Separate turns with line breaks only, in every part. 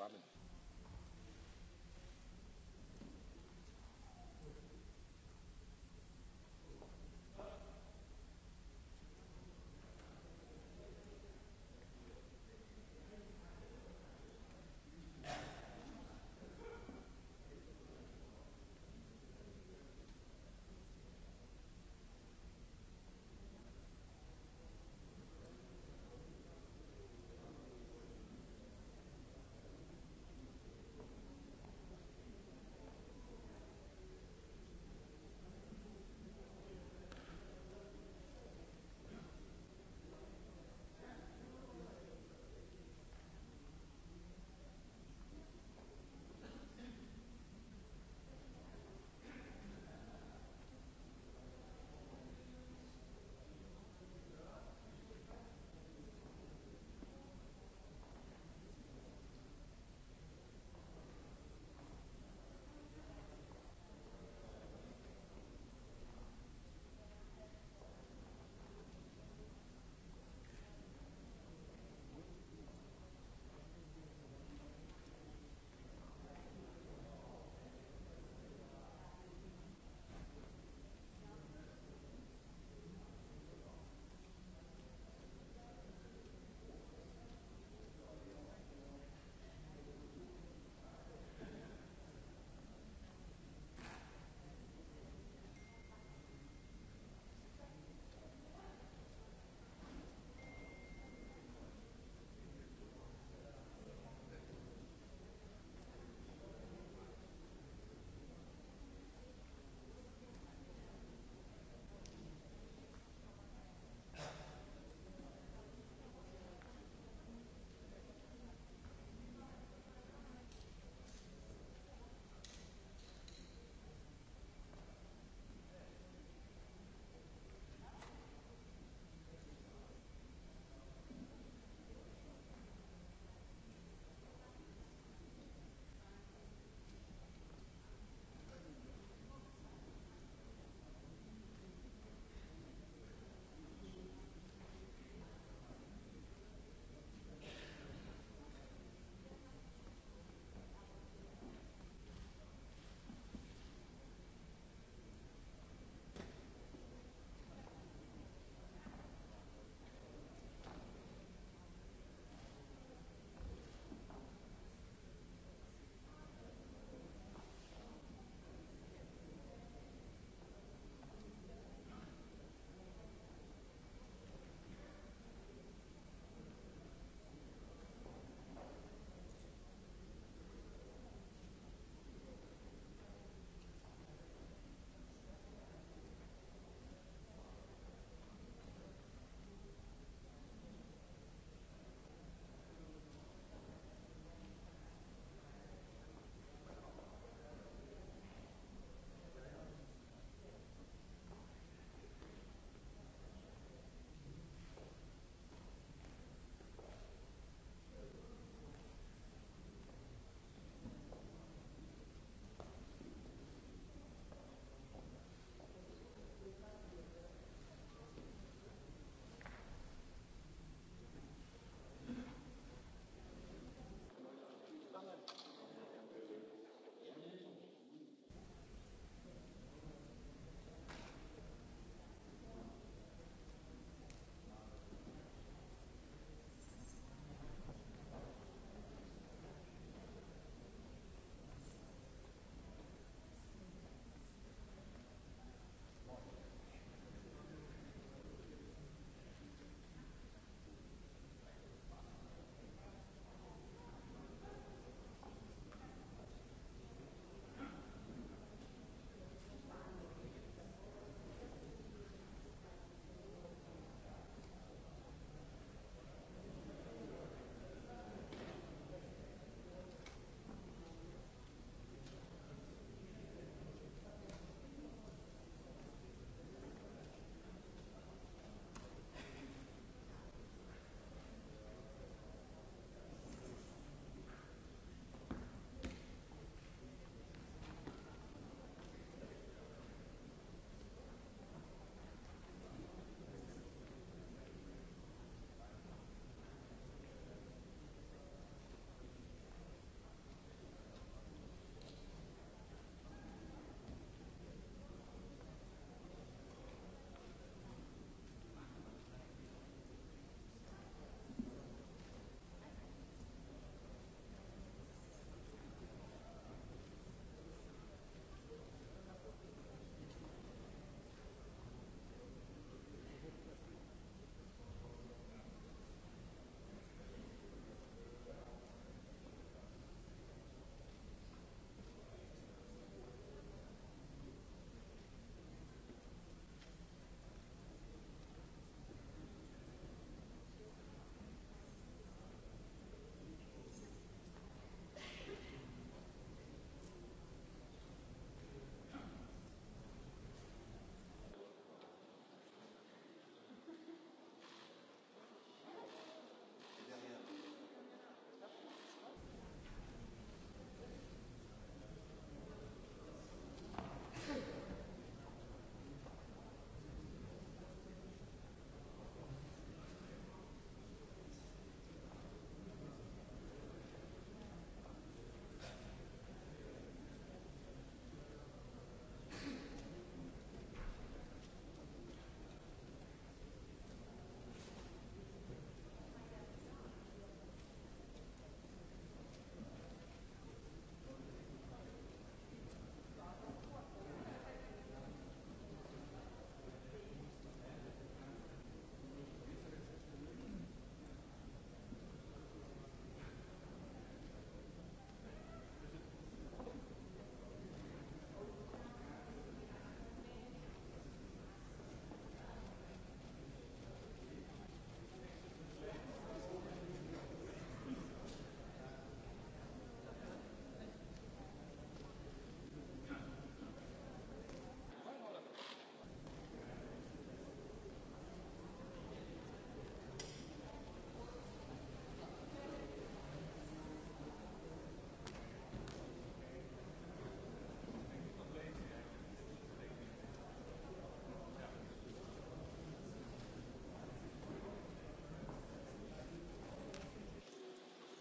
oameni.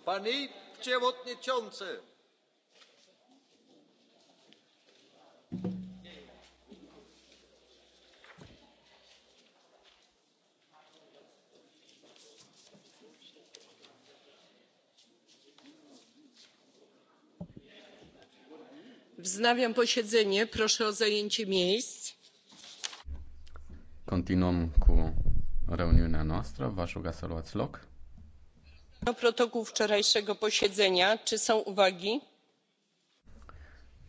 pani
przewodnicząca!
wznawiam posiedzenie proszę o zajęcie miejsc.
continuăm cu reuniunea noastră vă aș ruga să luați loc
protokół wczorajszego posiedzenia. Czy są uwagi?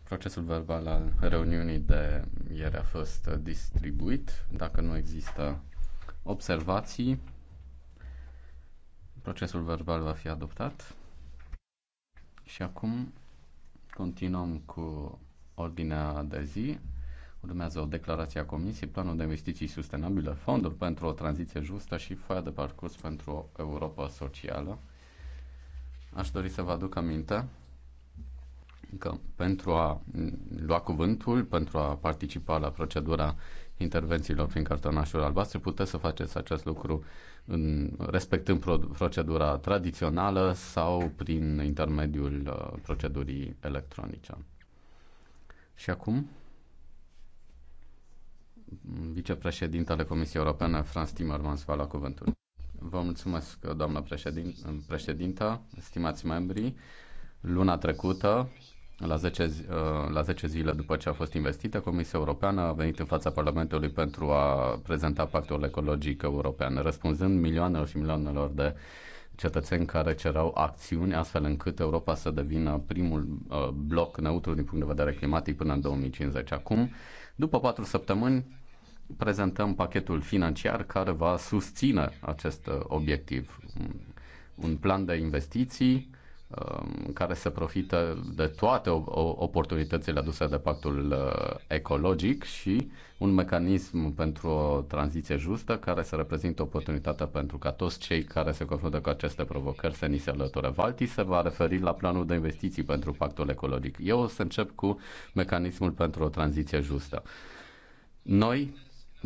Procesul verbal al reuniunii de ieri a fost distribuit. Dacă nu există observații, procesul verbal va fi adoptat. Și acum continuăm cu ordinea de zi. Urmează o declarație a Comisiei, Planul de Investiții Sustenabile, Fondul pentru o tranziție justă și foaia de parcurs pentru o Europa Socială. Aș dori să vă aduc aminte că pentru a lua cuvântul, pentru a participa la procedura intervențiilor prin cartonașul albastru, puteți să faceți acest lucru în, respectând pro, procedura tradițională sau prin intermediul uh, procedurii electronice. Și acum, vicepreședintele Comisiei Europene, Franz Timmermans, va lua cuvântul. Vă mulțumesc, doamnă președin, președintă, stimați membri. Luna trecută, la 10, zi, uh, la 10 zile după ce a fost investită, Comisia Europeană a venit în fața Parlamentului pentru a prezenta pactul ecologic european, răspunzând milioanelor și milioanelor de cetățeni care cerau acțiuni astfel încât Europa să devină primul uh, bloc neutru din punct de vedere climatic până în 2050. Acum, după patru săptămâni, prezentăm pachetul financiar care va susține acest uh, obiectiv. Un plan de investiții um, care să profite de toate oportunitățile aduse de pactul uh, ecologic și un mecanism pentru o tranziție justă care să reprezintă oportunitatea pentru ca toți cei care se confruntă cu aceste provocări să ni se alăture. Valti se va referi la planul de investiții pentru pactul ecologic. Eu o să încep cu mecanismul pentru o tranziție justă. Noi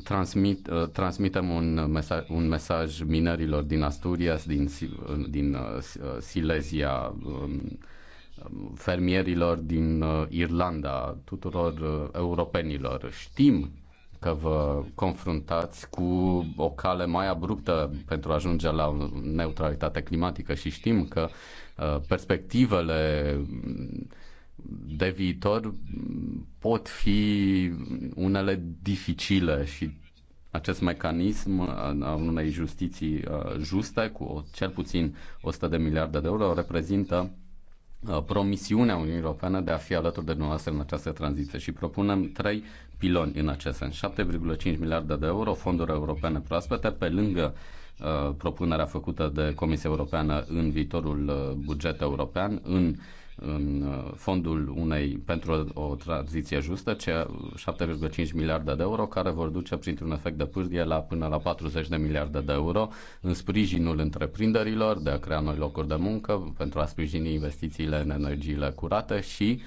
transmit, uh, transmitem un mesaj, un mesaj minerilor din Asturias, din, uh, din uh, Silesia, um, um, fermierilor din Irlanda, tuturor europenilor. Știm că vă confruntați cu o cale mai abruptă pentru a ajunge la neutralitate climatică și știm că perspectivele de viitor pot fi unele dificile și acest mecanism a unei justiții uh, juste cu cel puțin 100 de miliarde de euro reprezintă uh, promisiunea Uniunii Europene de a fi alături de dumneavoastră în această tranziție și propunem trei piloni în acest sens. 7,5 miliarde de euro, fonduri europene proaspete, pe lângă uh, propunerea făcută de Comisia Europeană în viitorul uh, buget european, în uh, în uh, fondul unei pentru o tranziție justă, ce 7,5 uh, miliarde de euro, care vor duce printr-un efect de pârghie la până la 40 de miliarde de euro în sprijinul întreprinderilor de a crea noi locuri de muncă, pentru a sprijini investițiile în energiile curate și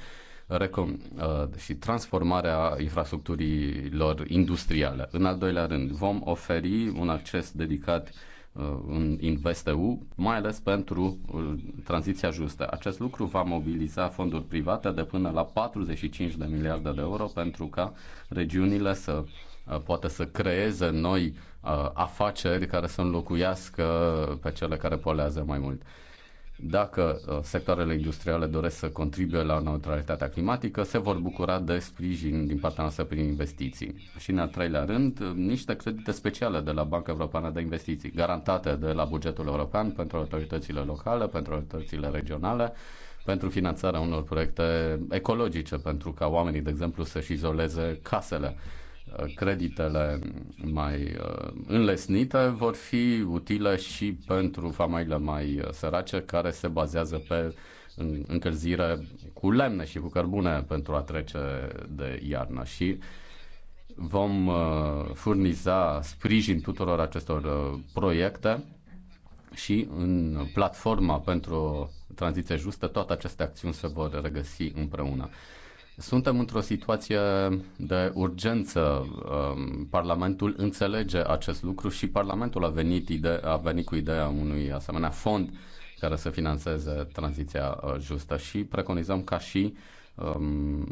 recom- uh, și transformarea infrastructurilor industriale. În al doilea rând, vom oferi un acces dedicat Uh, în InvestEU, mai ales pentru uh, tranziția justă. Acest lucru va mobiliza fonduri private de până la 45 de miliarde de euro pentru ca regiunile să uh, poate să creeze noi afaceri care să înlocuiască pe cele care polează mai mult. Dacă uh, sectoarele industriale doresc să contribuie la neutralitatea climatică, se vor bucura de sprijin din partea noastră prin investiții. Și în al treilea rând, uh, niște credite speciale de la Banca Europeană de Investiții, garantate de la bugetul european pentru autoritățile locale, pentru autoritățile regionale, pentru finanțarea unor proiecte ecologice, pentru ca oamenii, de exemplu, să-și izoleze casele creditele mai uh, înlesnite vor fi utile și pentru familiile mai uh, sărace care se bazează pe încălzire cu lemne și cu cărbune pentru a trece de iarnă și vom uh, furniza sprijin tuturor acestor proiecte și în platforma pentru o tranziție justă toate aceste acțiuni se vor regăsi împreună. Suntem într-o situație de urgență. Um, Parlamentul înțelege acest lucru și Parlamentul a venit, ide- a venit cu ideea unui asemenea fond care să financeze tranziția uh, justă și preconizăm ca și Um,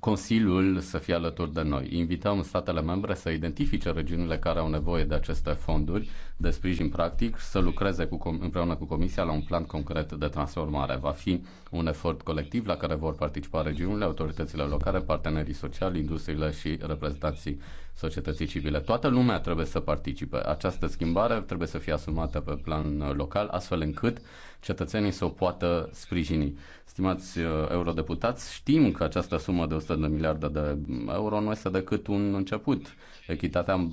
Consiliul să fie alături de noi. Invităm statele membre să identifice regiunile care au nevoie de aceste fonduri de sprijin practic, să lucreze cu, împreună cu Comisia la un plan concret de transformare. Va fi un efort colectiv la care vor participa regiunile, autoritățile locale, partenerii sociali, industriile și reprezentanții societății civile. Toată lumea trebuie să participe. Această schimbare trebuie să fie asumată pe plan uh, local, astfel încât cetățenii să o poată sprijini. Stimați uh, eurodeputați, știm că această sumă de 100 de miliarde de euro nu este decât un început. Echitatea mm,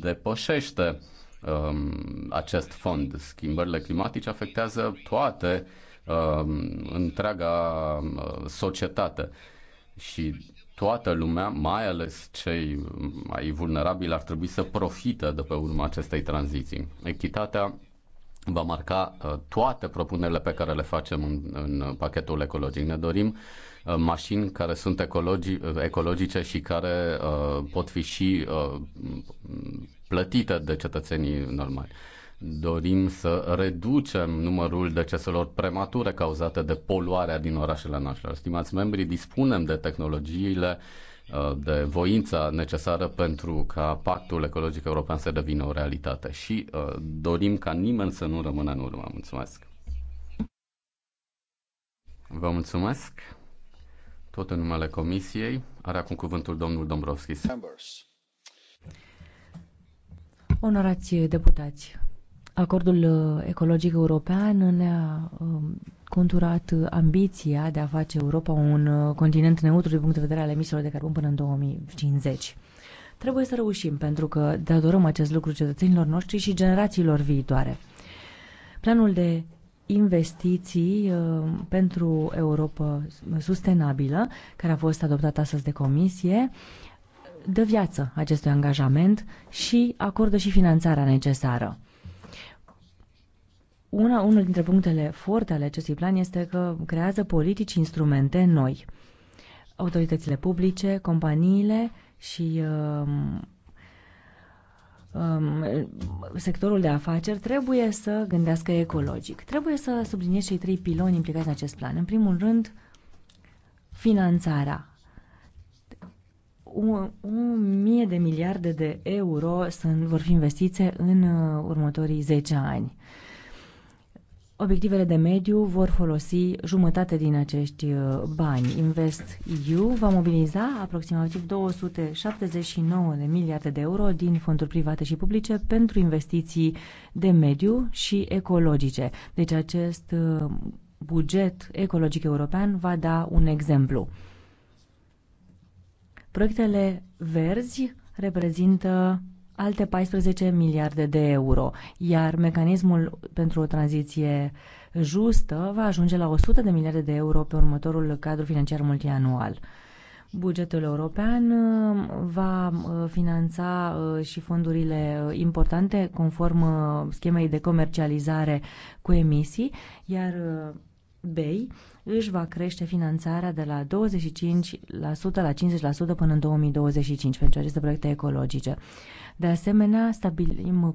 depășește um, acest fond. Schimbările climatice afectează toate, um, întreaga uh, societate. Și toată lumea, mai ales cei mai vulnerabili, ar trebui să profită de pe urma acestei tranziții. Echitatea va marca uh, toate propunerile pe care le facem în, în pachetul ecologic. Ne dorim uh, mașini care sunt ecologi, uh, ecologice și care uh, pot fi și uh, plătite de cetățenii normali dorim să reducem numărul deceselor premature cauzate de poluarea din orașele noastre. Stimați membri, dispunem de tehnologiile uh, de voința necesară pentru ca pactul ecologic european să devină o realitate și uh, dorim ca nimeni să nu rămână în urmă. Mulțumesc! Vă mulțumesc! Tot în numele Comisiei are acum cuvântul domnul Dombrovskis.
Onorați deputați, Acordul uh, ecologic european ne-a um, conturat uh, ambiția de a face Europa un uh, continent neutru din punct de vedere al emisiilor de carbon până în 2050. Trebuie să reușim, pentru că datorăm acest lucru cetățenilor noștri și generațiilor viitoare. Planul de investiții uh, pentru Europa sustenabilă, care a fost adoptat astăzi de comisie, dă viață acestui angajament și acordă și finanțarea necesară. Una, unul dintre punctele forte ale acestui plan este că creează politici instrumente noi. Autoritățile publice, companiile și um, um, sectorul de afaceri trebuie să gândească ecologic. Trebuie să subliniez cei trei piloni implicați în acest plan. În primul rând, finanțarea. O, mie de miliarde de euro sunt, vor fi investite în uh, următorii 10 ani. Uh, Obiectivele de mediu vor folosi jumătate din acești uh, bani. Invest EU va mobiliza aproximativ 279 de miliarde de euro din fonduri private și publice pentru investiții de mediu și ecologice. Deci acest uh, buget ecologic european va da un exemplu. Proiectele verzi reprezintă alte 14 miliarde de euro, iar mecanismul pentru o tranziție justă va ajunge la 100 de miliarde de euro pe următorul cadru financiar multianual. Bugetul european uh, va uh, finanța uh, și fondurile importante conform schemei de comercializare cu emisii, iar BEI își va crește finanțarea de la 25% la 50% până în 2025 pentru aceste proiecte ecologice. De asemenea, stabilim